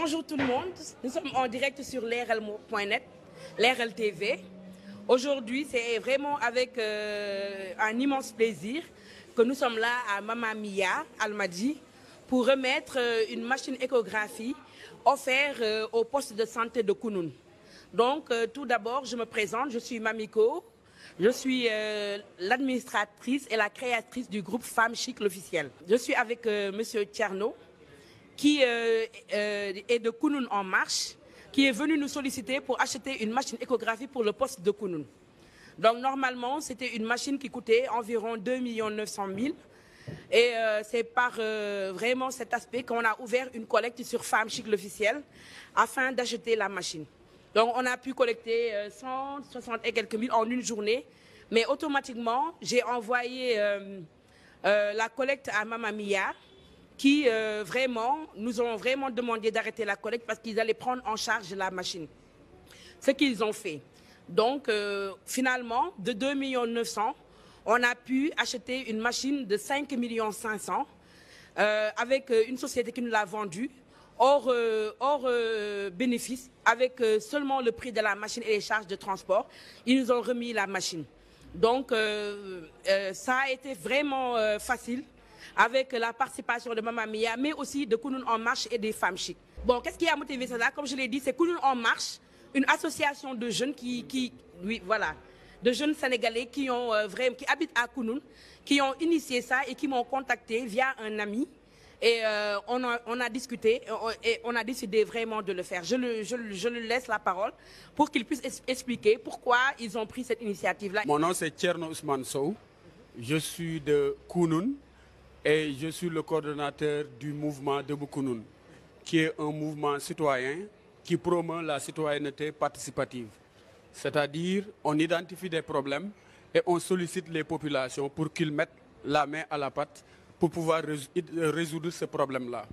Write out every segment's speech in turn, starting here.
Bonjour tout le monde, nous sommes en direct sur leralmo.net, Leral TV. Aujourd'hui, c'est vraiment avec euh, un immense plaisir que nous sommes là à Mamamia, Almadi, pour remettre euh, une machine échographie offerte euh, au poste de santé de Kounoun. Donc, euh, tout d'abord, je me présente, je suis Mamiko, je suis euh, l'administratrice et la créatrice du groupe Femmes Chic l'officiel. Je suis avec Monsieur Tcherno, qui euh, euh, est de Kounoun en marche, qui est venu nous solliciter pour acheter une machine échographie pour le poste de Kounoun. Donc normalement, c'était une machine qui coûtait environ 2 900 000. Et euh, c'est par euh, vraiment cet aspect qu'on a ouvert une collecte sur Femme Chic l'officiel afin d'acheter la machine. Donc on a pu collecter euh, 160 et en une journée. Mais automatiquement, j'ai envoyé euh, la collecte à Mamamia qui euh, vraiment nous ont vraiment demandé d'arrêter la collecte parce qu'ils allaient prendre en charge la machine. Ce qu'ils ont fait. Donc euh, finalement de 2 millions 900, on a pu acheter une machine de 5 millions 500 euh, avec euh, une société qui nous l'a vendue hors hors euh, euh, bénéfice avec seulement le prix de la machine et les charges de transport, ils nous ont remis la machine. Donc ça a été vraiment facile. avec la participation de Maman Mia, mais aussi de Kounoun En Marche et des femmes chic. Bon, qu'est-ce qui a motivé cela Comme je l'ai dit, c'est Kounoun En Marche, une association de jeunes qui, qui oui, voilà, de jeunes Sénégalais qui, euh, habitent à Kounoun, qui ont initié ça et qui m'ont contacté via un ami. Et euh, on, a, on, a, discuté décidé vraiment de le faire. Je, le, je, je lui laisse la parole pour qu'il puisse expliquer pourquoi ils ont pris cette initiative-là. Mon nom, c'est Tcherno Ousmane Sow. et je suis le coordonnateur du mouvement Debout Kounoune, qui est un mouvement citoyen qui promeut la citoyenneté participative. C'est-à-dire, on identifie des problèmes et on sollicite les populations pour qu'ils mettent la main à la pâte pour pouvoir résoudre ce problème-là.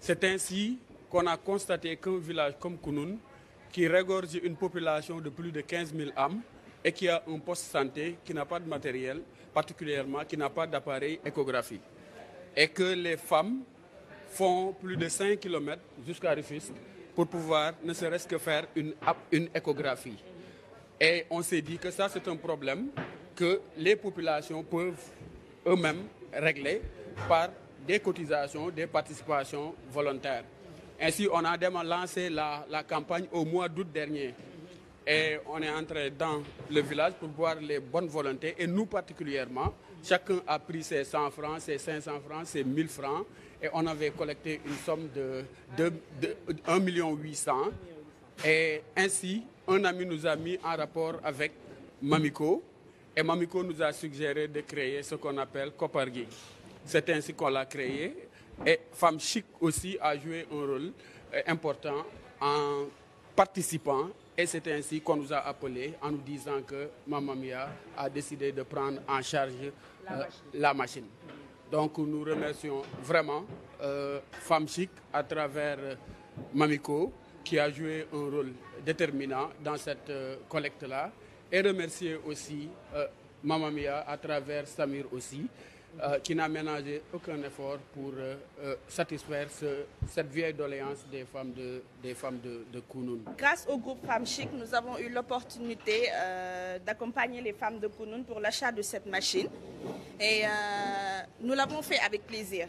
C'est ainsi qu'on a constaté qu'un village comme Kounoune, qui regorge une population de plus de 15 000 âmes et qui a un poste santé qui n'a pas de matériel, particulièrement qui n'a pas d'appareil échographique, et que les femmes font plus de 5 kilomètres jusqu'à Rufisque pour pouvoir ne serait-ce que faire une, une échographie. Et on s'est dit que ça, c'est un problème que les populations peuvent eux-mêmes régler par des cotisations, des participations volontaires. Ainsi, on a lancé la, la campagne au mois d'août dernier. et on est entré dans le village pour voir les bonnes volontés et nous particulièrement chacun a pris ses 100 francs ses 500 francs ses 1000 francs et on avait collecté une somme de de de 1 million 800 et ainsi un ami nous a mis en rapport avec Mamico et Mamico nous a suggéré de créer ce qu'on appelle Kopargi c'est ainsi qu'on l'a créé et Femme Chic aussi a joué un rôle euh, important en participant Et c'est ainsi qu'on nous a appelés en nous disant que Mamamia a décidé de prendre en charge euh, la, euh, machine. la machine. Donc nous remercions vraiment euh, Femme Chic à travers euh, Mamiko qui a joué un rôle déterminant dans cette euh, collecte-là et remercier aussi euh, Mamamia à travers Samir aussi euh, qui n'a ménagé aucun effort pour euh, euh, satisfaire ce, cette vieille doléance des femmes de, des femmes de, de Kounoun. Grâce au groupe Femmes Chic, nous avons eu l'opportunité euh, d'accompagner les femmes de Kounoun pour l'achat de cette machine. Et euh, nous l'avons fait avec plaisir.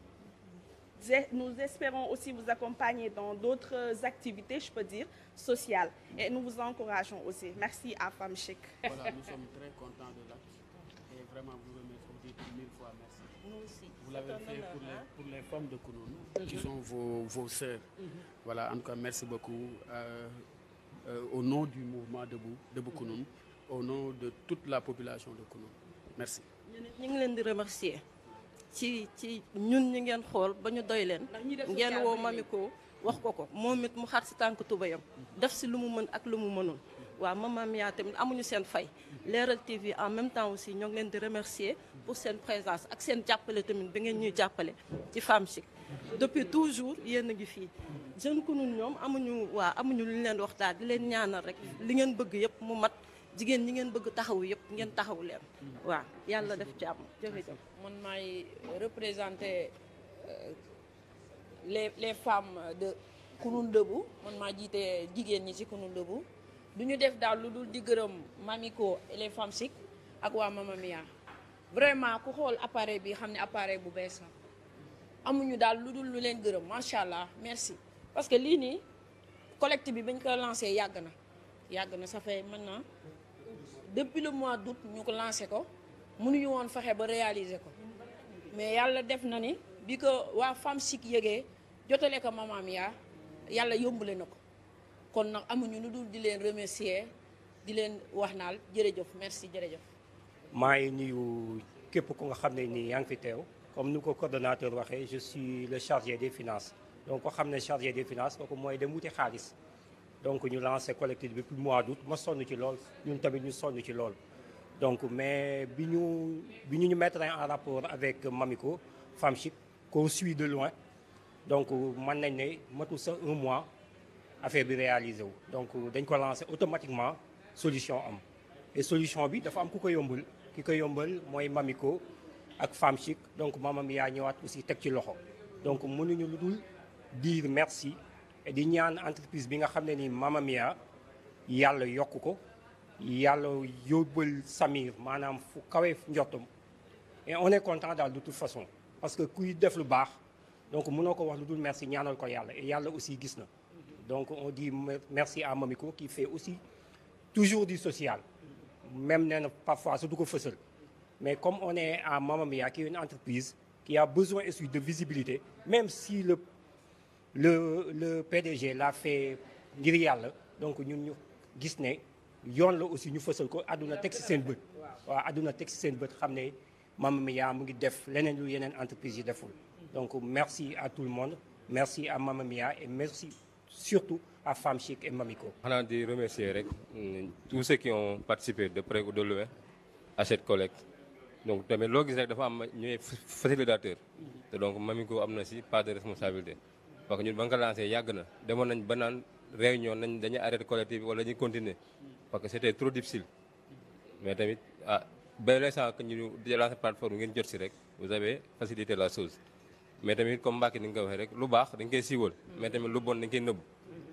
nous espérons aussi vous accompagner dans d'autres activités, je peux dire, sociales. Et nous vous encourageons aussi. Merci à Femme Chic. Voilà, nous sommes très contents de l'activité et vraiment vous remercions mille fois merci. Nous aussi. pour, les, hein? femmes de Kounonou, mm -hmm. qui sont vos, vos mhm. Voilà, en tout cas, merci beaucoup. Euh, euh, au nom du mouvement Debout, Debout Kounonou, mm -hmm. au nom de toute la population de Kounonou. Merci. Nous, nous, ci ci ñun ñi ngeen xool ba ñu doy leen ngeen woo Mamy Ko wax ko ko moom it mu xar si tànk tubéyam def si lu mu mën ak lu mu mënul waaw Mama Mia tamit amuñu seen fay Leral TV en même temps aussi ñoo ngi leen di remercier pour seen présence ak seen jàppale tamit bi ngeen ñuy jàppale ci Femme Chic depuis toujours yéen a ngi fii jeune ku ñun ñoom amuñu waa amuñu lu leen wax daal di leen ñaanal rek li ngeen bëgg yëpp mu mat jigéen ñi ngeen bëgg taxawu yëpp ngeen taxawu leen. Mm-hmm. waaw yàlla def ci am jërëjëf. man maay représenter euh, les les femmes de Kunun Debout man maa jiite jigéen ñi ci Kunun Debout du ñu def daal lu dul di gërëm Mamiko et les femmes ak waa Mama Mia vraiment ku xool appareil bi xam ne appareil bu bees la amuñu daal lu dul lu leen gërëm macha allah merci parce que lii nii collecte bi bañ ko lancé yàgg na yàgg na ça fait naa depuis le mois d'août ñu ko lancé ko ñu woon fexe ba réaliser ko mais yàlla def na ni bi ko waa femme sik yëgee jotale ko mamaam yaa yàlla yombale na ko kon nag amuñu lu dul di leen remercier di leen wax naal jërëjëf merci jërëjëf. maa ngi nuyu képp ku nga xam ne nii yaa ngi fi teew comme ni ko coordonnateur waxee je suis le chargé des finance donc ko xam ne chargé des finances kooku mooy dem wuti xaalis. donc ñu lancé collectif bi depuis mois d'août ma sonn ci lool ñun tamit ñu sonn ci lool. donc mais bi ñu bi ñu ñu mettre en rapport avec Mamico Femship ko suit de loin donc mën nañ ne matul sax un mois affaire bi réalisé wu. donc dañ ko lancé automatiquement solution am et solution bi dafa am ku ko yombal ki ko yombal mooy mamiko ak Femship donc maamam yaa ñëwaat aussi teg ci loxo donc mënuñu lu dul dire merci. di ñaan entreprise bi nga xam ne ni Mama Mia yàlla yokk ko yàlla yóbbal Samir maanaam fu kawee njottam et on est content daal de toute façon parce que kuy def lu baax donc mënoo ko wax lu dul merci ñaanal ko yàlla et yàlla aussi gis na donc on dit merci à Mamiko qui fait aussi toujours di social même nee na parfois su du ko fësal mais comme on est à Mama Mia qui une entreprise qui a besoin aussi de visibilité même si le le le PDG l'a fait ngir yàlla donc ñun ñu gis ne yoon la aussi ñu fësal ko àdduna teg ci seen bët. waaw àdduna teg ci seen bët xam ne Mama Mia mu ngi def leneen lu yeneen entreprise yi deful. donc merci à tout le monde merci à Mama et merci surtout à Femme Chic et Mamico. xanaa di remercier rek mm, tous ceux qui ont participé de près ou de loin à cette collecte donc tamit loo gis rek dafa am ñooy facilitateur mm-hmm. te donc Mamico am na si part de responsabilité. parce que ñun ba nga ko lancé yàgg na demoon nañ ba naan réunion nañ dañu arrêté collectif bi wala dañuy continuer parce que c' était trop difficile mais tamit ah ba l'instant que ñu di lancé plateforme ngeen jot si rek vous avez facilité la chose mais tamit comme Mbacke ni nga ko waxee rek lu baax dañ koy siiwal mais tamit lu bon dañ koy nëbb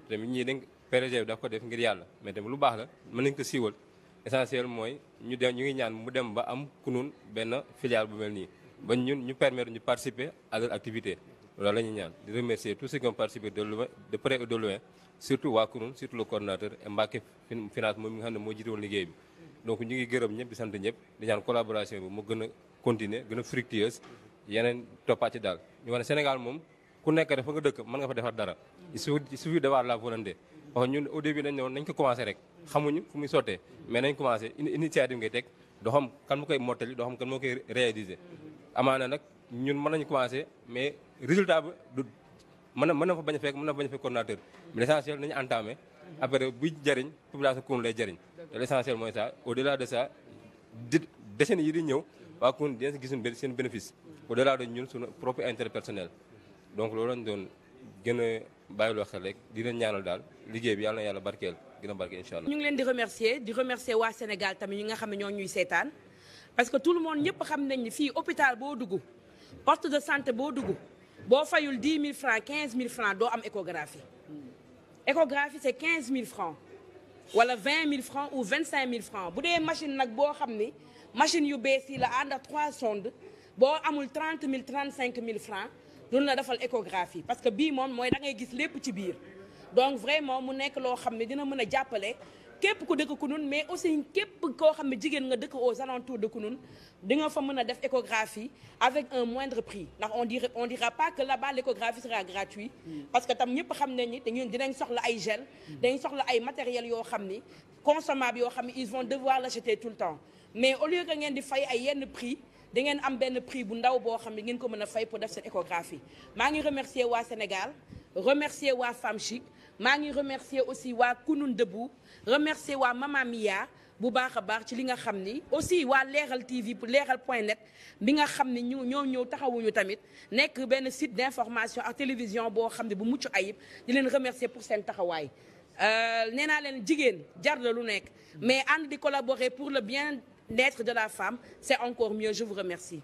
tamit ñii dañ PDG daf ko def ngir yàlla mais tamit lu baax la mën nañ ko siiwal essentiel mooy ñu dem ñu ngi ñaan mu dem ba am kunun benn filiale bu mel nii ba ñun ñu permettre ñu participer à activité loolu la ñuy ñaan di remercier tous ceux qui ont participé de loin de près ou de loin surtout waa Kouroune surtout le coordonnateur Mbacke finance moom mi nga xam ne moo jiite woon liggéey bi donc ñu ngi gërëm ñëpp di sant ñëpp di ñaan collaboration bi mu gën a continuer gën a fructueuse yeneen toppaat ci daal ñu wax Sénégal moom ku nekk dafa nga dëkk mën nga fa defar dara il suffit d'avoir la volonté wax ñun au début dañ ne woon nañ ko commencé rek xamuñu fu muy sottee mais nañ commencé initiative ngay teg doo xam kan mu koy mottali doo xam kan moo koy réaliser amaana nag ñun mën nañu commencé mais résultat bi du na mën na fa bañ a fekk mën na fa bañ a fekk coordonnateur mais l'essentiel nañu entamé après buy jariñ population Koungheul lay jariñ te l'essentiel mooy ça au delà de ça di yi di ñëw waa Koungheul dinañ si gis seen bénéfice au delà de ñun suñu propre intérêt personnel donc loolu lañ doon gën a bàyyiloo xel rek di leen ñaanal daal liggéey bi yàlla na yàlla barkeel gën a barke allah. ñu ngi leen di remercier di remercier waa Sénégal tamit ñi nga xam ne ñuy seetaan parce que tout le monde ñëpp xam nañ ni fii hôpital boo dugg poste de santé boo dugg boo fayul dix mille francs quinze mille francs doo am échographie échographie c'est quinze mille francs wala vingt mille francs ou vingt cinq mille francs bu dee machine nag boo xam ni machine yu bees yi la ànd a trois sondes boo amul trente mille trente cinq mille francs duñ la defal échographie parce que bii moom mooy dangay gis lépp ci biir donc vraiment mu nekk loo xam ne dina mën a jàppale képp ku dëkk Kounoune mais aussi képp koo xam ne jigéen nga dëkk aux alentours de Kounoune di nga fa mën a def échographie avec un moindre prix ndax on dirait on dira pas que là-bas l'échographie sera gratuite mm. parce que tam ñëpp xam nañ ni dañu dinañ soxla ay gel mm. dañ soxla ay matériel yoo xam ni consommable yoo xam ni ils vont devoir l'acheter tout le temps mais au lieu que ngeen di fay ay yenn prix da ngeen am benn prix bu ndaw boo xam ne ngeen ko mën a fay pour def seen échographie maa ngi remercier waa Sénégal remercier waa Femme maa ngi remercier aussi waa Kunun Debout remercier waa Mama Mia bu baax a baax ci li nga xam ni aussi waa Leral TV Leral point net bi nga xam ni ñu ñoo ñëw taxawuñu tamit nekk benn site d'information ak télévision boo xam ne bu mucc ayib di leen remercier pour seen taxawaay euh, nee naa leen jigéen jar na lu nekk mais ànd di collaborer pour le bien-être de la femme c'est encore mieux je vous remercie